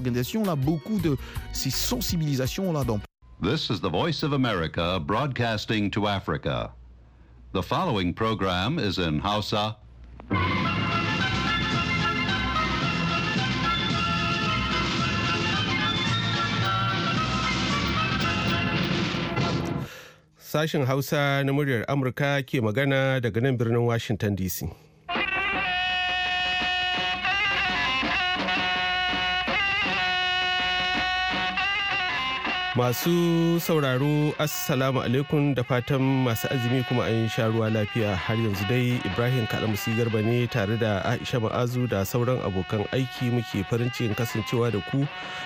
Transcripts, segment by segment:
organisation, on beaucoup de ces sensibilisations là dans This is the Voice of America broadcasting to Africa. The following program is in Hausa. Sashen Hausa na muryar Amurka ke magana daga nan birnin Washington DC. Masu sauraro Assalamu alaikum da fatan masu azumi kuma an sha ruwa lafiya har yanzu dai Ibrahim Kalamusi Garba ne tare da Aisha Ma'azu da sauran abokan aiki muke farin cikin kasancewa da ku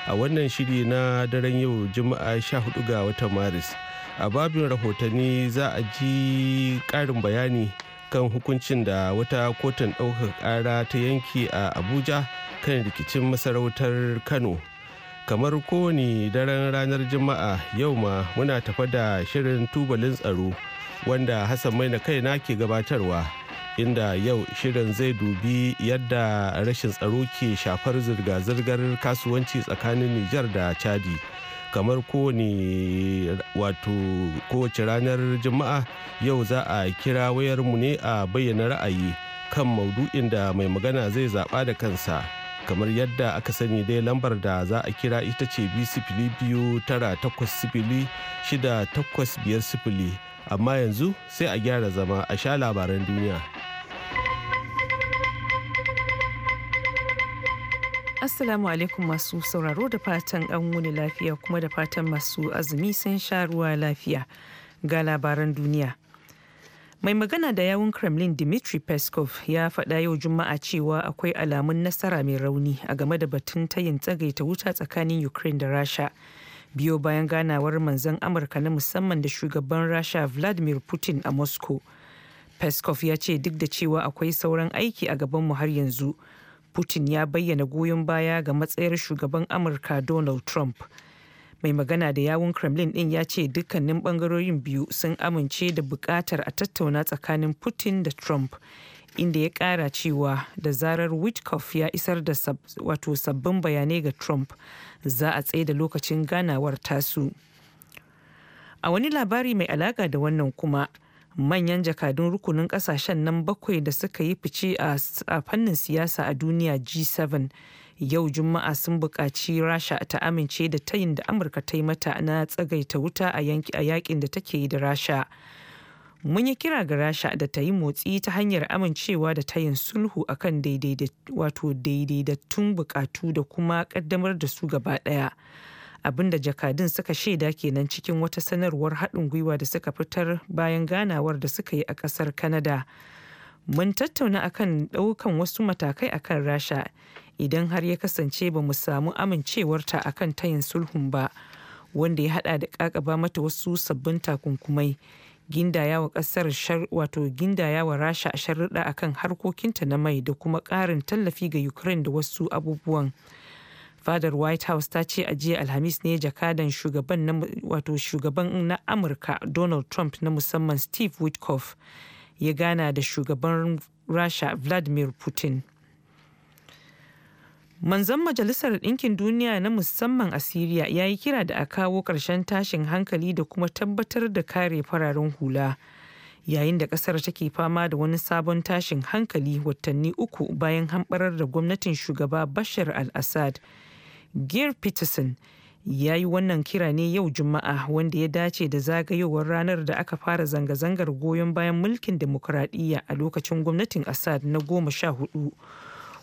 a wannan shiri na daren yau Juma'a 14 ga watan Maris. A babin rahotanni za a ji ƙarin bayani kan hukuncin da wata kotun ɗaukar ƙara ta yanki a Abuja kan rikicin masarautar Kano. kamar kowane daren ranar juma'a yau ma muna tafa da shirin tubalin tsaro wanda hassan mai na kaina ke gabatarwa inda yau shirin zai dubi yadda rashin tsaro ke shafar zirga-zirgar kasuwanci tsakanin nijar da chadi kamar kowane wato kowace ranar juma'a yau za a kira wayarmu ne a bayyana ra'ayi kan maudu'in da mai magana zai zaɓa da kansa kamar yadda aka sani dai lambar da za a kira ita ce biyu tara takwas sifili shida takwas biyar sifili amma yanzu sai a gyara zama a sha labaran duniya assalamu alaikum masu sauraro da fatan an wuni lafiya kuma da fatan masu azumi sun sha ruwa lafiya ga labaran duniya mai magana da yawun kremlin dmitry peskov ya faɗa yau juma'a cewa akwai alamun nasara mai rauni a game da batun tayin tsagaita wuta tsakanin ukraine da rasha biyo bayan ganawar manzan amurka na musamman da shugaban rasha vladimir putin a moscow peskov ya ce duk da cewa akwai sauran aiki a gabanmu har yanzu putin ya bayyana goyon baya ga matsayar shugaban amurka donald trump mai magana da yawun kremlin din ya ce dukkanin bangarorin biyu sun amince da bukatar a tattauna tsakanin putin da trump inda ya kara cewa da zarar witkoff ya isar da wato sabbin bayanai ga trump za a tsaye da lokacin ganawar tasu a wani labari mai alaka da wannan kuma manyan jakadun rukunin kasashen nan bakwai da suka yi fice a fannin siyasa a duniya g7 yau juma'a sun buƙaci rasha ta amince da tayin da amurka ta yi mata na tsagaita wuta a yakin da take yi da rasha mun yi kira ga rasha da ta yi motsi ta hanyar amincewa da tayin sulhu akan daidaitattun buƙatu da kuma ƙaddamar da su gaba ɗaya abinda jakadun suka shaida kenan cikin wata sanarwar haɗin gwiwa da suka fitar bayan ganawar da suka yi a ƙasar kanada mun tattauna akan ɗaukan wasu matakai akan rasha idan har ya kasance ba mu samu amincewarta a kan tayin sulhun ba wanda ya hada da kakaba mata wasu sabbin takunkumai wa kasar wato yawa rasha a a akan harkokinta na mai da kuma ƙarin tallafi ga ukraine da wasu abubuwan fadar white house ta ce a jiya alhamis ne jakadan shugaban na wato shugaban na amurka donald trump na musamman steve witkoff ya gana da shugaban rasha vladimir putin Manzon Majalisar Ɗinkin Duniya na musamman a Siriya ya yi kira da a kawo ƙarshen tashin hankali da kuma tabbatar da kare fararen hula. Yayin da ƙasar take fama da wani sabon tashin hankali watanni uku bayan hamɓarar da gwamnatin shugaba Bashar al-Assad. gear Peterson ya yi wannan kira ne yau Juma'a wanda ya dace da zagayowar ranar da aka fara zanga-zangar goyon bayan mulkin demokuraɗiyya a lokacin gwamnatin Assad na goma sha hudu.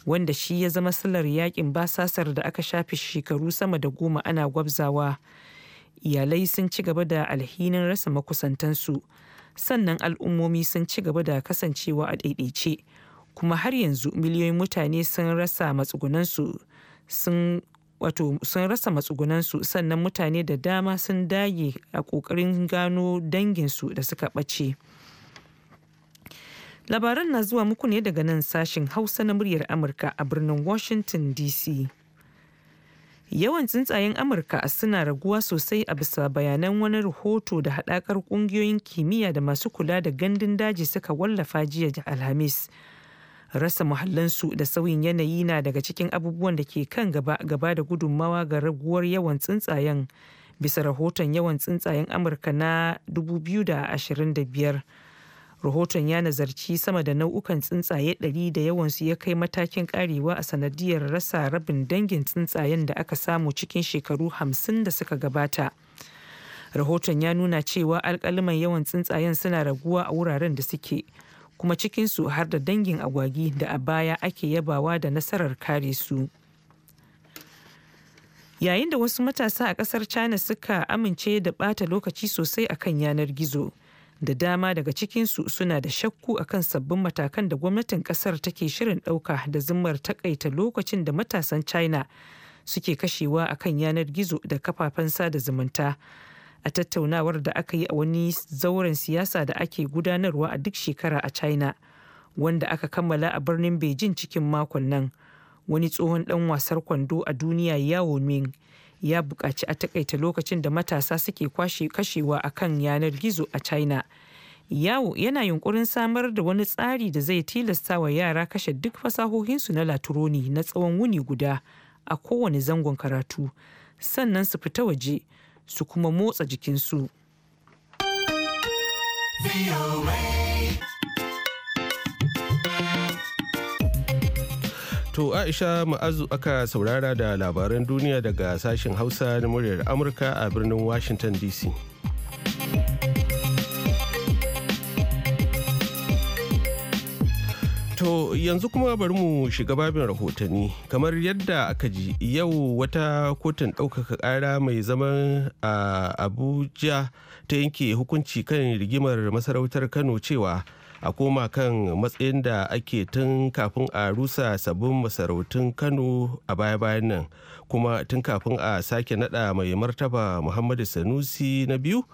wanda shi ya zama silar yakin basasar da aka shafi shekaru sama da goma ana gwabzawa iyalai sun ci gaba da alhinin rasa makusantansu sannan al'ummomi sun ci gaba da kasancewa a ɗaiɗaice kuma har yanzu miliyoyin mutane sun rasa matsugunansu sun wato sun rasa matsugunansu sannan mutane da dama sun dage a ƙoƙarin gano danginsu da suka ɓace. Labaran na zuwa muku ne daga nan sashen Hausa na muryar Amurka a birnin Washington DC. Yawan tsuntsayen Amurka suna raguwa sosai a bisa bayanan wani rahoto da haɗakar ƙungiyoyin kimiyya da masu kula da gandun daji suka wallafa jiya da Alhamis. rasa muhallansu da sauyin yanayi na daga cikin abubuwan da ke kan gaba gaba da gudunmawa ga raguwar yawan tsuntsayen bisa rahoton yawan tsuntsayen amurka na 2025 rahoton ya nazarci sama da nau'ukan tsuntsaye 100 da yawansu ya kai matakin karewa a sanadiyar rasa rabin dangin tsuntsayen da aka samu cikin shekaru hamsin da suka gabata rahoton ya nuna cewa alkaliman yawan tsuntsayen suna raguwa a wuraren da suke kuma cikinsu har da dangin agwagi da a baya ake yabawa da nasarar kare su. yayin da wasu matasa a kasar china suka amince da bata lokaci sosai akan yanar gizo da dama daga cikinsu suna da shakku akan sabbin matakan da gwamnatin kasar take shirin ɗauka da zimmar takaita lokacin da matasan china suke kashewa akan yanar gizo da kafafen sada zumunta a tattaunawar da aka yi a wani zauren siyasa da ake gudanarwa a duk shekara a china wanda aka kammala a birnin beijing cikin makon nan wani tsohon dan wasar kwando a duniya yawo ming ya buƙaci a takaita lokacin da matasa suke kwashe kashewa a kan yanar gizo a china yawo yana yunkurin samar da wani tsari da zai tilasta wa yara kashe duk fasahohinsu na laturoni na tsawon wuni guda a kowane zangon karatu sannan su fita waje su kuma motsa jikinsu. To Aisha Ma'azu aka saurara da labaran duniya daga sashen Hausa na muryar Amurka a birnin Washington DC. To yanzu kuma bari mu shiga babin rahotanni kamar yadda aka ji yau wata kotun ɗaukaka ƙara mai zaman a Abuja ta yanke hukunci kan rigimar masarautar Kano cewa a koma kan matsayin da ake tun kafin a rusa sabbin masarautun kano a baya-bayan nan kuma tun kafin a sake nada mai martaba muhammadu sanusi na biyu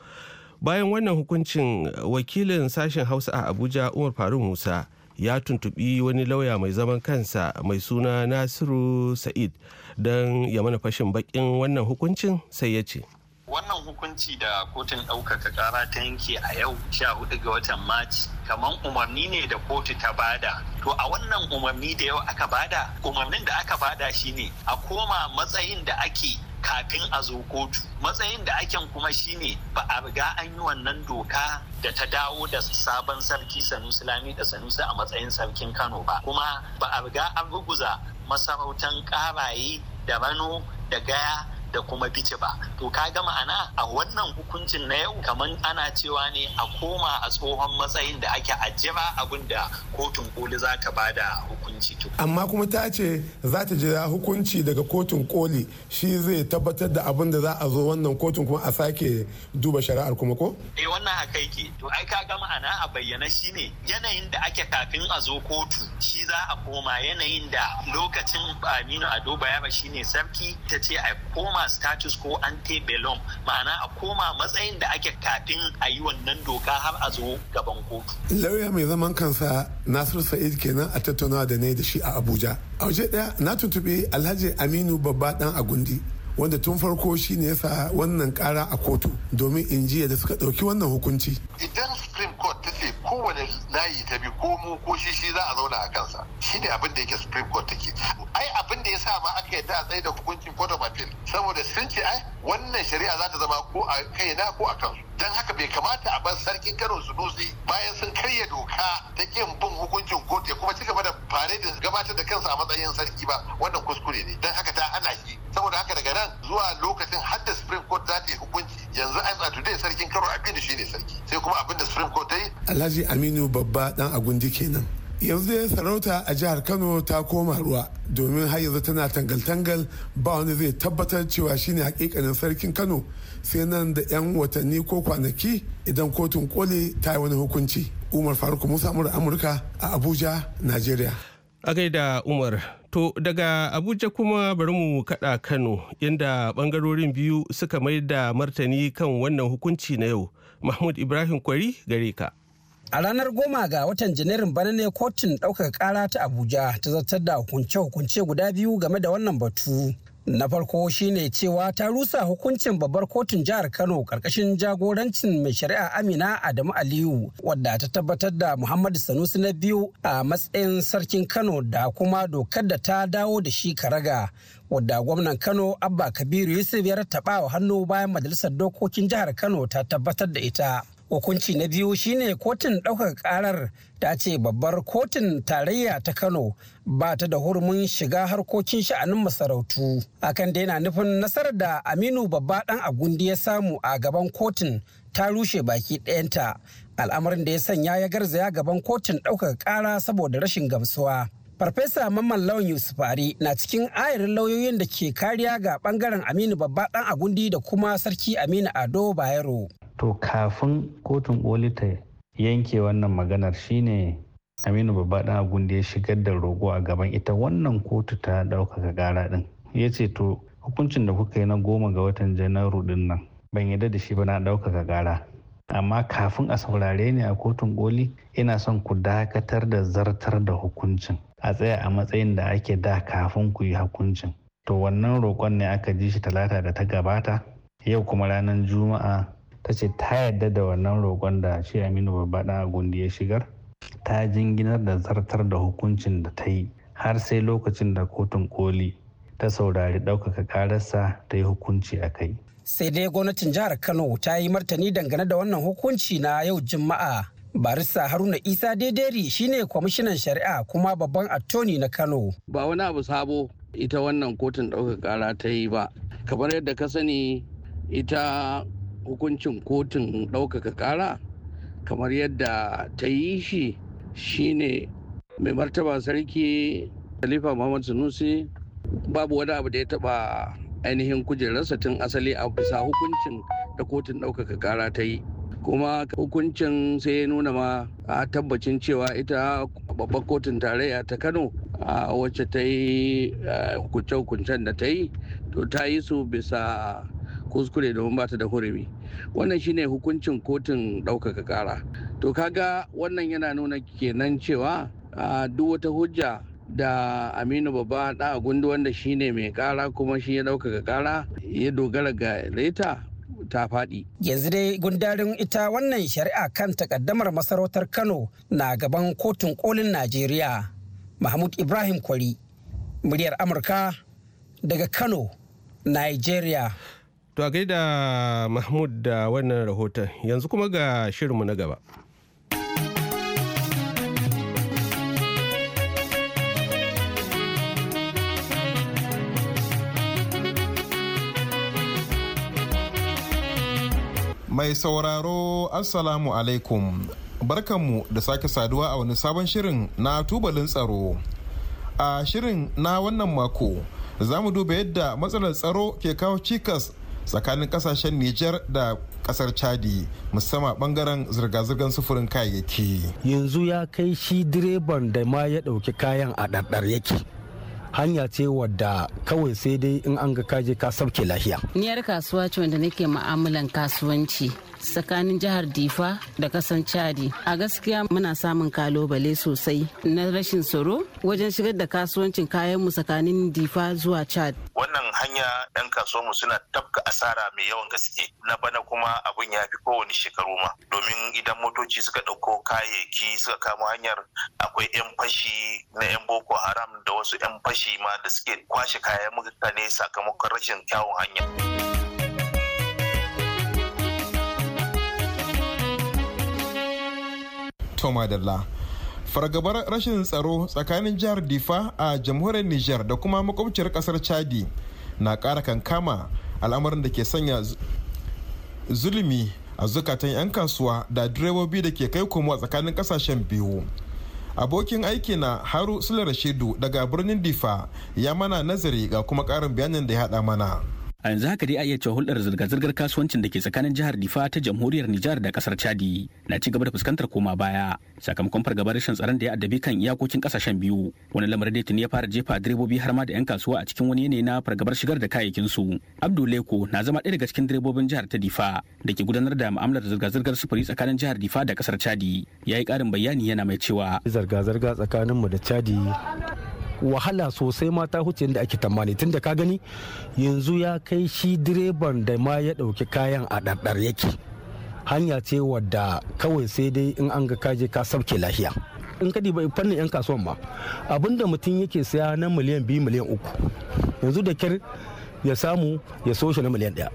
bayan wannan hukuncin wakilin sashen hausa a abuja umar faruk musa ya tuntubi wani lauya mai zaman kansa mai suna nasiru sa'id don ya mana fashin bakin wannan hukuncin sai ya ce wannan hukunci da kotun ɗaukaka ƙara ta yanke a yau sha hudu ga watan maci kamar umarni ne da kotu ta bada to a wannan umarni da yau aka bada umarnin da aka bada shine a koma matsayin da ake kafin a zo kotu matsayin da ake kuma shine ba a riga an yi wannan doka da ta dawo da sabon sarki sanusi lami da sanusi a matsayin sarkin kano ba kuma ba a riga an ruguza masarautan ƙaraye da rano da gaya da kuma bice ba to ka ga ma'ana a wannan hukuncin na yau kamar ana cewa ne a koma a tsohon matsayin da ake ba abin da kotun koli za ta bada hukunci amma kuma ta ce za ta jira hukunci daga kotun koli shi zai tabbatar da abin da za a zo wannan kotun kuma a sake duba shari'ar kuma ko eh wannan a kai ke to ai ka ga ma'ana a bayyana shi ne yanayin da ake kafin a zo kotu shi za a koma yanayin da lokacin Aminu Ado Bayaba shine sarki ta ce a koma koma status ko ante bellum ma'ana a koma matsayin da ake kafin a yi wannan doka har a zo gaban kotu. lauya mai zaman kansa nasiru sa'id kenan a tattaunawa da ne da shi a abuja a waje daya na tuntuɓe alhaji aminu babba dan agundi wanda tun farko shi ne yasa wannan kara a kotu domin injiya da suka ɗauki wannan hukunci idan supreme court ta ce kowane layi ta bi ko mu ko shi shi za a zauna a kansa shine abin da yake supreme court take ai abin da ya sa ma aka yadda a tsaye da hukuncin court of appeal saboda sun ce ai wannan shari'a za ta zama ko a kai na ko a kansu dan haka bai kamata a bar sarkin kano su dutse bayan sun karya doka ta kin bin hukuncin court ya kuma ci gaba da fare da gabatar da kansa a matsayin sarki ba wannan kuskure ne don haka ta hana shi saboda haka daga nan zuwa lokacin har da supreme court za ta yi hukunci yanzu an a today sarkin kano abin da shi ne sarki sai kuma abin da supreme court ta yi alhaji aminu babba dan agundi kenan yanzu dai sarauta a jihar kano ta koma ruwa domin har yanzu tana tangal-tangal ba wani zai tabbatar cewa shine hakikanin sarkin kano sai nan da 'yan watanni ko kwanaki idan kotun koli ta yi wani hukunci umar faruk musa amurka a abuja Najeriya. a gaida umar to daga abuja kuma bari mu kada kano inda bangarorin biyu suka mai da martani kan wannan hukunci na yau mahmud ibrahim kwari gare ka A ranar goma ga watan Janairun bana ne kotun ɗaukaka ƙara ta Abuja ta zartar da hukunce-hukunce guda biyu game da wannan batu. Na farko shine cewa ta rusa hukuncin babbar kotun jihar Kano ƙarƙashin jagorancin mai shari'a Amina Adamu Aliyu wadda ta tabbatar da Muhammadu Sanusi na biyu a matsayin sarkin Kano da kuma dokar da ta dawo da shi karaga wadda gwamnan Kano Abba Kabiru Yusuf ya rattaba hannu bayan majalisar dokokin jihar Kano ta tabbatar da ita. hukunci na biyu shine kotun ɗaukar karar ta ce babbar kotun tarayya ta kano ba ta da hurumin shiga harkokin sha'anin masarautu akan daina nufin nasarar da aminu babba ɗan agundi ya samu a gaban kotun ta rushe baki ɗayanta al'amarin da ya sanya ya garzaya gaban kotun ɗaukar ƙara saboda rashin gamsuwa Farfesa Mamman Lawan Yusuf Ari na cikin ayarin lauyoyin da ke kariya ga bangaren Aminu Babba ɗan Agundi da kuma Sarki Aminu Ado Bayero. to kafin kotun koli ta yanke wannan maganar shine aminu babba dan ya shigar da rogo a gaban ita wannan kotu ta ɗaukaka gara ɗin, ya ce to hukuncin da kuka yi na goma ga watan janairu din nan ban yarda da shi ba na ɗaukaka gara amma kafin a saurare ni a kotun koli ina son ku dakatar da zartar da hukuncin a tsaya a matsayin da ake da kafin ku yi hukuncin to wannan roƙon ne aka ji shi talata da ta gabata yau kuma ranar juma'a ta ce ta yadda da wannan roƙon da shi aminu babba ɗan agundi ya shigar ta jinginar da zartar da hukuncin da ta yi har sai lokacin da kotun koli ta saurari ɗaukaka ƙararsa ta yi hukunci a kai sai dai gwamnatin jihar kano ta yi martani dangane da wannan hukunci na yau juma'a barista haruna isa daidari shine kwamishinan shari'a kuma babban attorney na kano ba wani abu sabo ita wannan kotun ɗaukar ƙara ta yi ba kamar yadda ka sani ita hukuncin kotun ɗaukaka ƙara kamar yadda ta yi shi shine mai martaba sarki khalifa muhammad sanusi babu wani abu da ya taɓa ainihin kujerarsa tun asali a bisa hukuncin da kotun ɗaukaka ƙara ta yi kuma hukuncin sai ya nuna ma a tabbacin cewa ita babbar kotun tarayya ta kano a wacce ta yi eh, hukuncen da ta yi to ta yi su bisa kuskure domin ba ta da hurumi wannan shine hukuncin kotun ɗaukaka ƙara to kaga wannan yana nuna kenan cewa duk wata hujja da aminu babba da gundu wanda shine mai ƙara kuma shi ya ɗaukaka kara ya dogara ga leta ta faɗi. Yanzu dai gundarin ita wannan shari'a kan takaddamar masarautar Kano na gaban kotun kolin Najeriya. Mahmud Ibrahim Kwari, muryar Amurka daga Kano, Nigeria. To a gaida Mahmud da wannan rahoton yanzu kuma ga shirinmu na gaba. Mai sauraro Assalamu alaikum barkanmu da sake saduwa a wani sabon shirin na tubalin tsaro. A shirin na wannan mako za mu duba yadda matsalar tsaro ke kawo cikas tsakanin kasashen nijar da kasar chadi musamman bangaren zirga-zirgar sufurin kayayyaki yanzu ya kai shi direban da ma ya ɗauki kayan a ɗarɗar yake hanya ce wadda kawai sai dai in an ga kaje ka sauke lahiya. Niyar kasuwa ce wanda nake mu'amalan kasuwanci tsakanin jihar difa da kasan chadi a gaskiya muna samun kalobale sosai na rashin tsaro wajen shigar da kasuwancin kayan mu tsakanin difa zuwa chad wannan hanya yan mu suna tafka asara mai yawan gaske na bana kuma abun ya fi kowane shekaru ma domin idan motoci suka dauko kayayyaki suka kamo hanyar akwai yan fashi na yan boko haram da wasu yan fashi ma da suke kwashe kayan mutane sakamakon rashin kyawun hanya. Toma Dalla. Fargabar rashin tsaro tsakanin jihar Difa a jamhuriyar Nijar da kuma makwabciyar kasar Chadi na ƙara kankama al'amarin da ke sanya zulumi a zukatan 'yan kasuwa da direbobi da ke kai komo tsakanin kasashen biyu. abokin aiki na haru sule rashidu daga birnin difa ya mana nazari ga kuma karin bayanin da ya haɗa mana. a yanzu haka dai a iya cewa hulɗar zirga-zirgar kasuwancin da ke tsakanin jihar difa ta jamhuriyar nijar da kasar chadi na ci gaba da fuskantar koma baya sakamakon fargabar rashin tsaron da ya addabi kan iyakokin kasashen biyu wani lamarin da tuni ya fara jefa direbobi har ma da 'yan kasuwa a cikin wani yanayi na fargabar shigar da kayayyakinsu abduleko na zama ɗaya daga cikin direbobin jihar ta difa da ke gudanar da mu'amalar zirga-zirgar sufuri tsakanin jihar difa da kasar chadi ya yi ƙarin bayani yana mai cewa zirga-zirga tsakaninmu da chadi wahala sosai mata ta huce da ake tamani tun da ka gani yanzu ya kai shi direban da ma ya ɗauki kayan a ɗarɗar yake hanya ce wadda kawai sai dai in an ga kaje ka sauke lahiya in ka ba fannin 'yan kasuwan ma abinda mutum yake saya na miliyan biyu miliyan uku yanzu da kyar ya samu ya so shi na miliyan ɗaya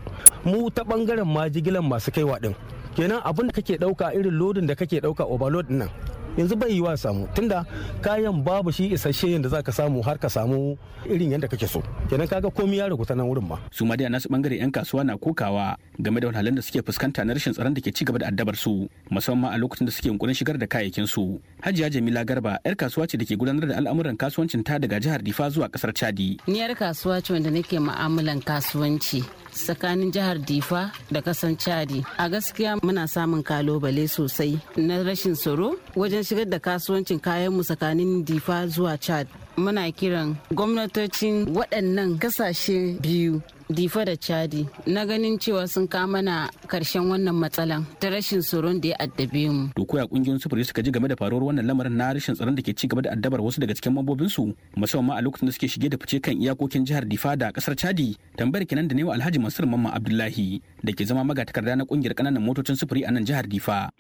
mu ta bangaren ma jigilan masu kaiwa ɗin kenan abinda kake ɗauka irin lodin da kake ɗauka overload nan yanzu bai yiwa samu tunda kayan babu shi isasshe yadda za ka samu har ka samu irin yadda kake so kenan kaga komai ya rubuta nan wurin ma su ma nasu bangare yan kasuwa na kokawa game da halin da suke fuskanta na rashin tsaron da ke ci gaba da addabar su musamman a lokacin da suke yunkurin shigar da kayayyakin su hajiya jamila garba yar kasuwa ce da ke gudanar da al'amuran kasuwancin ta daga jihar difa zuwa kasar chadi ni yar kasuwa ce wanda nake mu'amalan kasuwanci tsakanin jihar difa da kasan chadi a gaskiya muna samun kalobale sosai na rashin tsaro wajen shigar da kasuwancin kayanmu tsakanin difa zuwa chad muna kiran gwamnatocin waɗannan kasashe biyu difa da chadi na ganin cewa sun kama na karshen wannan matsalan ta rashin tsoron da ya addabe mu to koya kungiyoyin sufuri suka ji game da faruwar wannan lamarin na rashin tsaron da ke ci gaba da addabar wasu daga cikin mambobin su musamman a lokacin da suke shige da fice kan iyakokin jihar difa da kasar chadi tambayar kenan da wa alhaji mansur mamman abdullahi da ke zama magatakarda na kungiyar kananan motocin sufuri a nan jihar difa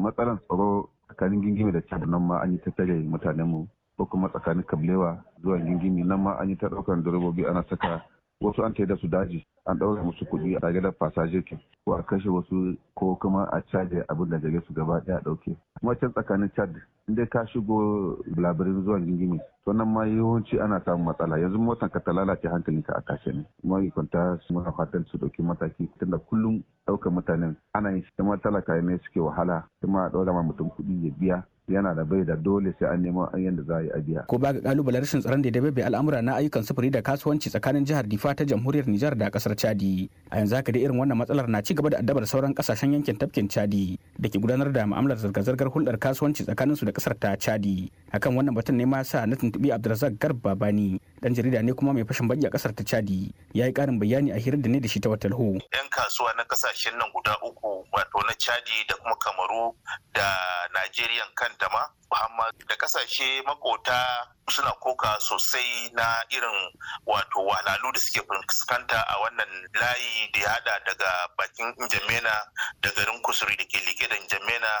matsalan tsaro tsakanin gingimi da chad nan ma an yi tattare mutanen mu ko kuma tsakanin kablewa zuwa gingimi nan ma an yi ta daukan durobobi ana saka wasu an taida su daji an ɗaura musu kuɗi a da fasaje ke ko a kashe wasu ko kuma a caje abin da gare su gaba ɗaya ɗauke kuma can tsakanin chad inda ka shigo labirin zuwa gingimi to nan ma yawanci ana samun matsala yanzu motan ka ta lalace hankali ka a kashe ne kuma kwanta su muna fatan su ɗauki mataki tunda kullum ɗaukar mutanen ana yin shi kuma talaka ne suke wahala kuma a ɗaura ma mutum kuɗi ya biya yana da bai da dole sai an nemo an yanda za a yi a biya. Ko ba ga kalubalen rashin tsaron da bai al'amura na ayyukan sufuri da kasuwanci tsakanin jihar Difa ta jamhuriyar Nijar da kasar Chadi. A yanzu haka da irin wannan matsalar na ci gaba da addabar sauran kasashen yankin tafkin Chadi da ke gudanar da mu'amalar zirga-zirgar hulɗar kasuwanci tsakanin su da kasar ta Chadi. akan wannan batun ne ma sa na tuntubi abdulrazak garba bani dan jarida ne kuma mai fashin baki a kasar ta chadi ya yi karin bayani a hirar da ne da shi ta watan ho yan kasuwa na kasashen nan guda uku wato na chadi da kuma kamaru da nigeria kanta ma muhammad da kasashe makota suna koka sosai na irin wato wahalalu da suke fuskanta a wannan layi da ya hada daga bakin jamena da garin kusuri da ke liƙe da njamena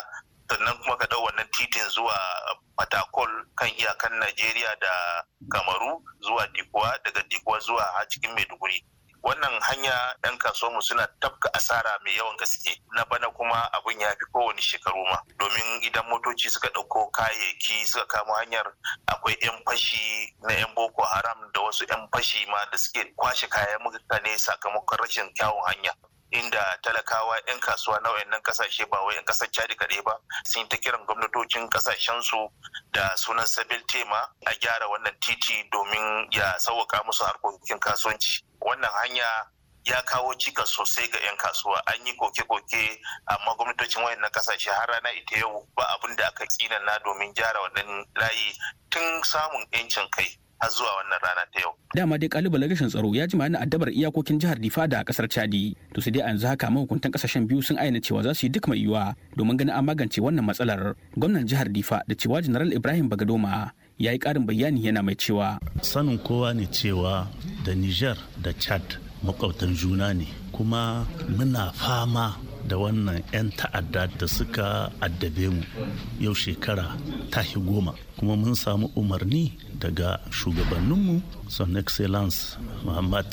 sannan kuma ka ɗau wannan titin zuwa fatakol kan iyakan najeriya da kamaru zuwa dikuwa daga dikuwa zuwa cikin maiduguri wannan hanya ɗan kasuwanmu suna tafka asara mai yawan gaske na bana kuma abin ya fi kowane shekaru ma domin idan motoci suka ɗauko kayayyaki suka kamo hanyar akwai 'yan fashi na 'yan boko haram da wasu 'yan fashi ma da suke kwashe kayan mutane sakamakon rashin kyawun hanya inda talakawa 'yan kasuwa na wayannan kasashe ba wai 'yan kasar Chadi kaɗai ba sun ta kiran gwamnatocin kasashensu da sunan sabil tema a gyara wannan titi domin ya sauwaka musu harkokin kasuwanci wannan hanya ya kawo cikas sosai ga 'yan kasuwa an yi koke-koke amma gwamnatocin wayannan kasashe har rana ita yau ba abin da aka na domin gyara wannan layi tun samun 'yancin kai har zuwa wannan rana ta yau. Dama dai kalubalen rashin tsaro ya jima addabar iyakokin jihar Difa da kasar Chadi. To sai dai a yanzu haka mahukuntan kasashen biyu sun ayyana cewa za su yi duk mai yiwuwa domin ganin an magance wannan matsalar. Gwamnan jihar Difa da cewa General Ibrahim Bagadoma ya yi karin bayani yana mai cewa. Sanin kowa ne cewa da Niger da Chad makwabtan juna ne kuma muna fama da wannan 'yan ta'adda da suka addabe mu yau shekara tahi goma kuma mun samu umarni daga shugabanninmu son excellence muhammad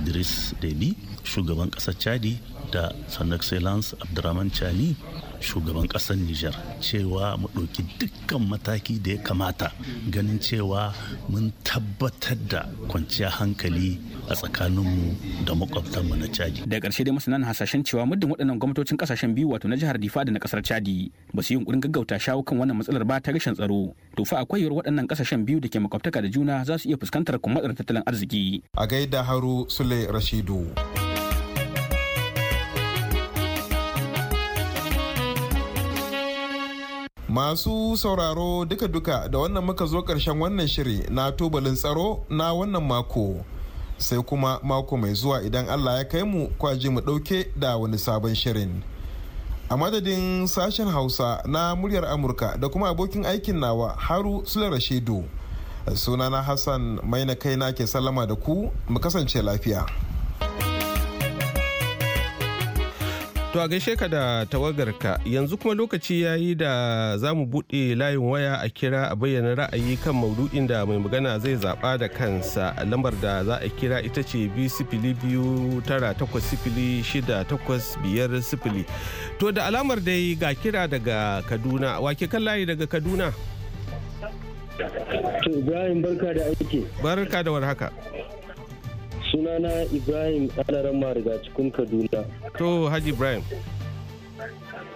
idris debi shugaban ƙasar chadi da son excellence abdurrahman chani shugaban ƙasar Nijar cewa mu ɗauki dukkan mataki da ya kamata ganin cewa mun tabbatar da kwanciyar hankali a tsakaninmu da makwabtanmu na Chadi. Da ƙarshe dai masana hasashen cewa muddin waɗannan gwamnatocin ƙasashen biyu wato na jihar Difa da na ƙasar Chadi ba su yi yunƙurin gaggauta shawo kan wannan matsalar ba ta rashin tsaro. To fa akwai yiwuwar waɗannan ƙasashen biyu da ke makwabtaka da juna za su iya fuskantar kuma tattalin arziki. A gaida Haru Sule Rashidu. Masu sauraro duka-duka da wannan muka zo ƙarshen wannan shiri na tubalin tsaro na wannan mako. Sai kuma mako mai zuwa idan Allah ya kai mu kwaji mu ɗauke da wani sabon shirin. A madadin sashen Hausa na muryar Amurka da kuma abokin aikin nawa Haru Sule Rashidu. Sunana Hassan maina na ke sallama da ku mu kasance lafiya. To a gaishe ka da tawagarka yanzu kuma lokaci ya yi da za mu buɗe layin waya a kira a bayyana ra'ayi kan maudu'in da mai magana zai zaɓa da kansa lambar da za a kira ita ce bi sifili biyu tara takwas sifili shida takwas biyar sifili. To da alamar dai ga kira daga Kaduna wake kan layi daga Kaduna. To Ibrahim barka da aiki. Barka da warhaka. haka. sunana ibrahim alaran mariga cikin kaduna to haji ibrahim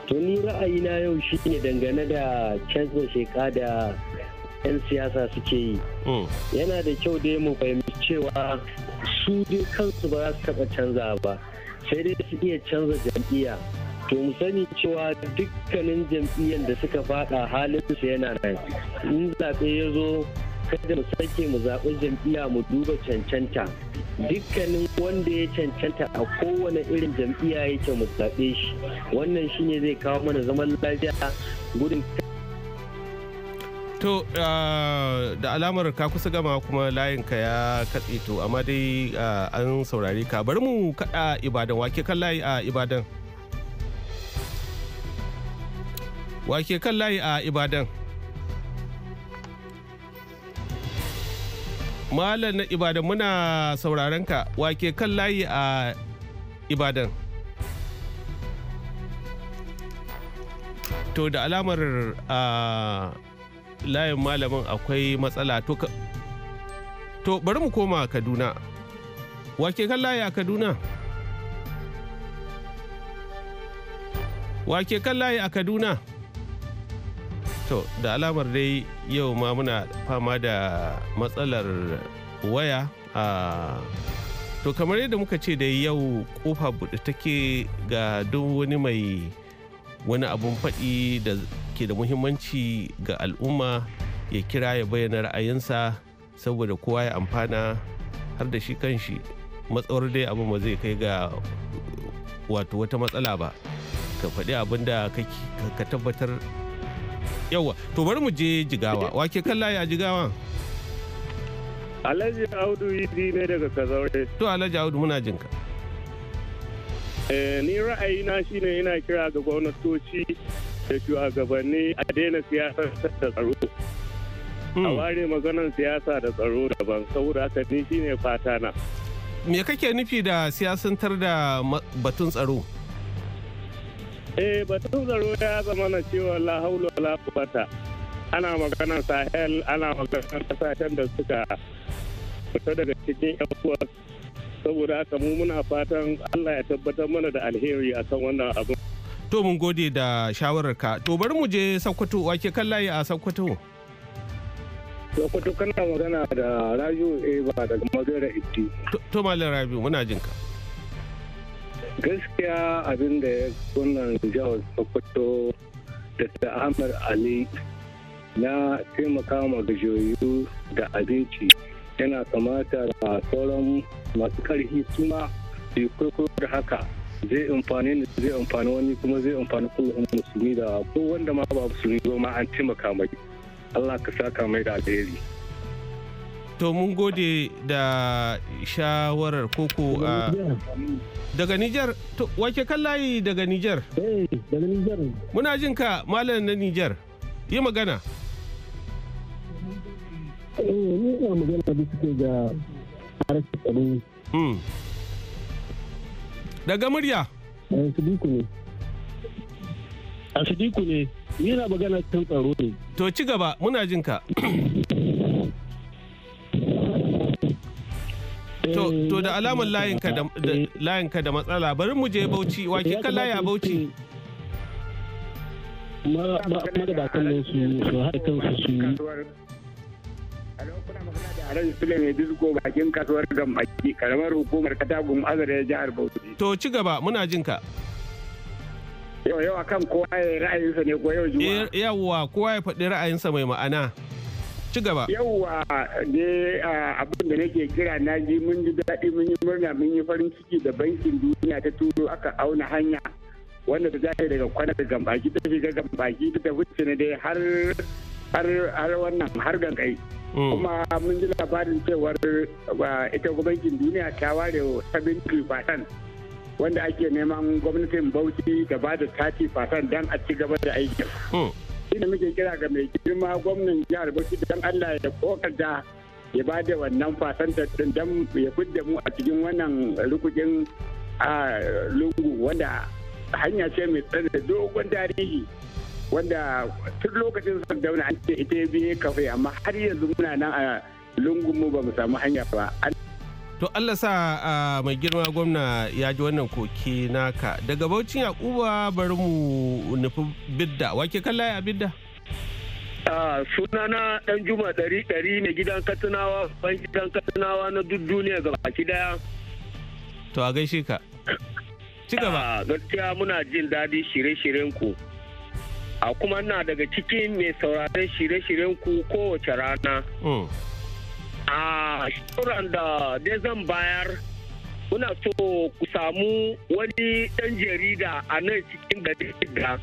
to ni ra'ayina yau shine dangane da canza sheka da 'yan siyasa suke yi hmm. yana da kyau dai mu fahimci cewa su dai kansu ba za su taba canza ba sai dai su iya canza jam'iyya to mu sani cewa dukkanin jam'iyyar da suka fada halin su yana nan in zaɓe ya zo kada mu sake mu zaɓi jam'iyya mu duba cancanta dukkanin wanda ya cancanta a kowane irin jam'iyya yake mu zaɓe shi wannan shine zai kawo mana zaman lafiya gudun To ah, da alamar ka kusa gama kuma layin ka ya katse to amma dai ah, an saurare ka bari mu kada ibadan wake kan layi a ibadan. Wake kan layi a ibadan. Malam na Ibadan muna sauraron ka wake kan layi a Ibadan. To da alamar a layin malamin akwai matsala to To bari mu koma Kaduna. Wake kan layi a Kaduna? Wake kan layi a Kaduna? to da alamar dai yau ma muna fama da matsalar waya to kamar yadda muka ce dai yau kofa buɗe take ga duk wani mai wani abun faɗi da ke da muhimmanci ga al'umma ya kira ya bayyana ra'ayinsa saboda kowa ya amfana har da shi kanshi matsawar dai abin ba zai kai ga wato wata matsala ba ka faɗi abin da ka tabbatar yawa to bari mu je jigawa wake kalla ya jigawa alhaji audu idi ne daga kazaure to alhaji audu muna jinka eh, ni ra'ayina shine ina kira ga gwamnatoci da shugabanni a daina siyasar da tsaro a hmm. ware maganar siyasa da tsaro daban saboda haka ni shine fata na me kake nufi da siyasantar da batun tsaro Eh batun tsaro ya zama na cewa la haula la quwata. Ana magana Sahel, ana magana kasashen da suka fita daga cikin ƴan saboda haka mu muna fatan Allah ya tabbatar mana da alheri akan wannan abu. To mun gode da shawararka. To bari mu je Sokoto, wake kan layi a Sokoto. Sokoto kana magana da Rabiu eva daga magana Itti. To Malam rabi muna jinka. gaskiya abin da ya gwamnan jihar sokoto da ta'amar ali na taimaka ma gajiyoyi da abinci yana kamata da sauran masu karfi suma su kwaikwayo da haka zai amfani ne zai amfani wani kuma zai amfani kullum musulmi da ko wanda ma ba musulmi ba ma an taimaka mai Allah ka saka mai da alheri to mun gode da shawarar koko a daga Nijar to wake kallayi daga Nijar eh, daga Nijar muna jin ka malam na Nijar yi magana eh ni hmm. daga murya eh, a Sidiku ne ni na magana kan tsaro ne to ci gaba muna jin ka To to da eh. alamar layinka da eh. layinka da, matsala bari mu je Bauchi wa kin kan laya Bauchi. Magabatan ne su su haɗa kansu su yi. Alhaji Suleiman Disko bakin kasuwar Gambaki karamar hukumar Katagun Azare jihar Bauchi. To ci gaba muna jin ka. Yau yau akan kowa ya ra'ayinsa ne ko yau juma'a. Eh, yawwa kowa ya faɗi ra'ayinsa mai ma'ana. ci gaba yauwa ne abin da nake kira na ji mun ji daɗi mun yi murna mun yi farin ciki da bankin duniya ta turo aka auna hanya wanda ta zai daga kwana da gambaki ta shiga gambaki ta tafi cina dai har har wannan har gangai mm. kuma mun ji labarin cewar ita bankin duniya ta ware kifatan wanda ake neman gwamnatin bauchi da ba da 30% don a ci gaba da aikin mm. shi muke kira ga mai girma gwamnan jihar bauchi don allah ya kokarta ya ba da wannan fasantar din don ya fidda mu a cikin wannan rukujin a lungu wanda hanya ce mai da dogon tarihi wanda tun lokacin sardauna an ce ita biye kafe amma har yanzu muna nan a lungun mu ba mu samu hanya ba To Allah sa mai girma gwamna ya ji wannan koke naka. Daga Baucin Yakuba bari mu nufi bidda. Wake kalla ya bidda? sunana dan juma ɗari ɗari ne gidan katunawa ban gidan katunawa na duk duniya ga baki daya. To a gaishe ka. Ci gaba. Gaskiya muna jin daɗi shirye-shiryen ku. A kuma na daga cikin mai sauraron shirye-shiryen ku kowace rana. Mm. a shawaran da dai zan bayar kuna so ku samu wani ɗan jarida a nan cikin gari da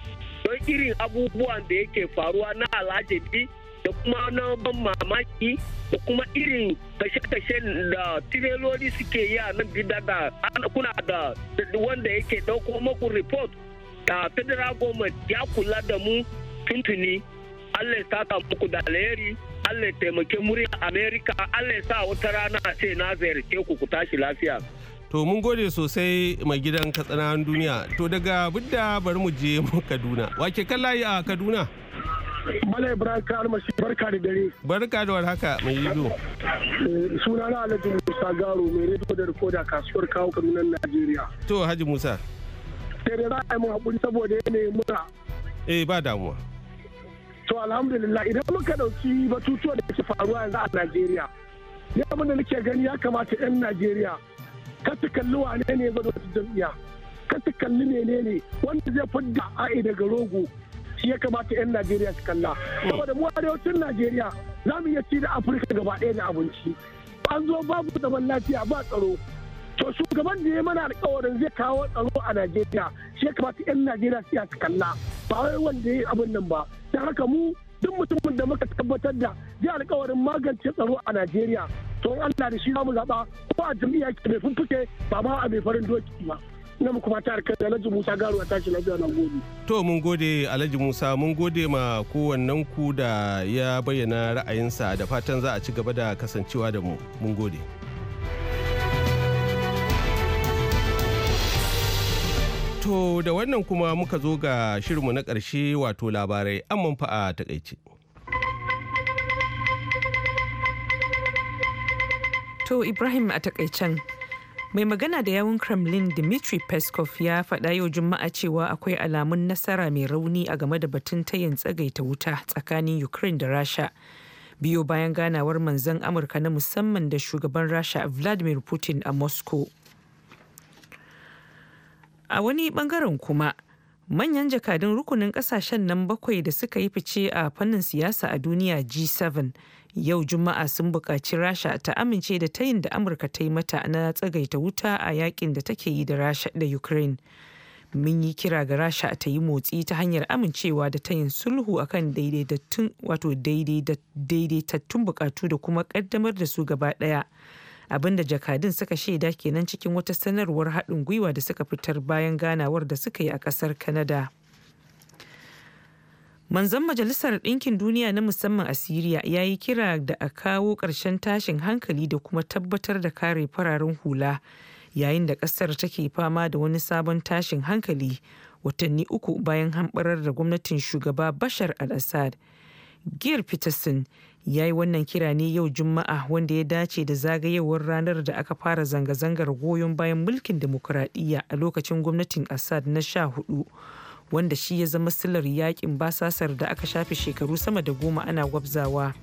don irin abubuwan da yake faruwa na alajebi da kuma na ban mamaki da kuma irin kashe-kashe da tireloli suke yi a nan gida da kuna da wanda yake dauko maku report da federal government ya kula da mu tuntuni allah ya saka muku da alheri Allah ya taimake murya Amerika Allah ya sa wata rana ce na ziyarce ku ku tashi lafiya. To mun gode sosai mai gidan katsanan duniya. To daga Budda bari mu je mu Kaduna. Wake kallaye a Kaduna? Bala Ibrahim ka almashi barka da dare. Barka da warhaka mai yido. Eh, Suna na Alhaji Musa Garo mai rediyo da rikoda kasuwar kawo kanunan Najeriya. To Haji Musa. Tere eh, za a yi mu haƙuri saboda yanayin mura. Eh ba damuwa. to alhamdulillah idan muka ɗauki batutuwa da ke faruwa yanzu a najeriya ya abin da nake gani ya kamata 'yan najeriya kasu kalli wane ne ba da jam'iyya ka kalli menene wanda zai fidda a'i daga rogo shi ya kamata 'yan najeriya su kalla saboda mu arewacin najeriya za mu iya ci da afirka gaba ɗaya da abinci an zo babu zaman lafiya ba tsaro to shugaban da ya mana alkawarin zai kawo tsaro a najeriya shi kamata 'yan najeriya su su kalla ba wai wanda ya yi abin nan ba don haka mu duk mutumin da muka tabbatar da zai alkawarin magance tsaro a najeriya to allah da shi za mu zaɓa ko a jam'iyya ke mai fuffuke ba ma a mai farin doki ba na muku fata harkar da Alhaji Musa Garu a tashi lafiya na gobe. To mun gode Alhaji Musa mun gode ma kowannen ku da ya bayyana ra'ayinsa da fatan za a ci gaba da kasancewa da mu mun gode. To da wannan kuma muka zo ga shirinmu na ƙarshe wato labarai amman fa a takaice. To Ibrahim a takaicen mai magana da yawun kremlin dmitry peskov ya faɗa yau juma'a cewa akwai alamun nasara mai rauni a game da batun tayin tsagaita wuta tsakanin ukraine da rasha biyo bayan ganawar manzan amurka na musamman da shugaban rasha vladimir putin a moscow a wani bangaren kuma manyan jakadun rukunin kasashen nan bakwai da suka yi fice a fannin siyasa a duniya g7 yau juma'a sun buƙaci rasha ta amince da tayin da amurka ta yi mata na tsagaita wuta a yakin da take yi da rasha da ukraine mun yi kira ga rasha ta yi motsi ta hanyar amincewa da tayin sulhu akan daidaitattun wato daidaitattun bukatu da kuma kaddamar da su gaba ɗaya. abinda jakadun suka shaida kenan cikin wata sanarwar haɗin gwiwa da suka fitar bayan ganawar da suka yi a ƙasar kanada manzan majalisar ɗinkin duniya na musamman a siriya ya yi kira da a kawo ƙarshen tashin hankali da kuma tabbatar da kare fararen hula yayin da ƙasar take fama da wani sabon tashin hankali watanni uku bayan hamɓarar da gwamnatin shugaba bashar al-assad Gil Peterson ya yi wannan kira ne yau Juma'a wanda ya dace da zagayewar ranar da aka fara zanga-zangar goyon bayan mulkin demokuraɗiyya a lokacin gwamnatin Assad na sha hudu wanda shi ya zama silar yakin basasar da aka shafe shekaru sama da goma ana gwabzawa.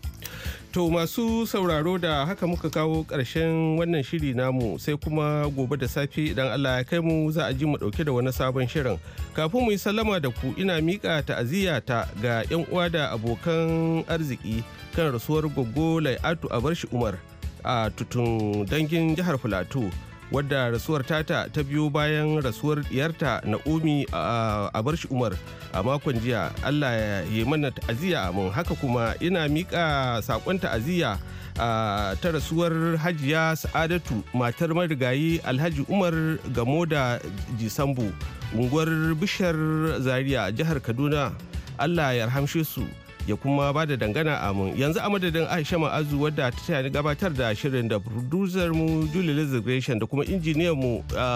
To masu sauraro da haka muka kawo ƙarshen wannan shiri namu sai kuma gobe da safe idan Allah ya kai mu za a ji mu ɗauke da wani sabon shirin. Kafin mu yi sallama da ku ina miƙa ta'aziyyata ga 'yan uwa da abokan arziki kan rasuwar goggo Lai'atu a Abarshi Umar a tutun dangin jihar Filato. wadda rasuwar tata ta biyo bayan rasuwar diyarta na'omi a barshi umar a makon jiya allah ya mana ta'aziyya mun haka kuma ina miƙa saƙon ta'aziyya ta rasuwar hajiya sa'adatu matar marigayi alhaji umar gamo da jisambu unguwar bishar zaria jihar kaduna allah ya rahamshe su ya kuma ba da dangana amin yanzu a madadin aisha ma'azu wadda ta gabatar da shirin da producer mu julie da kuma injiniyan mu uh,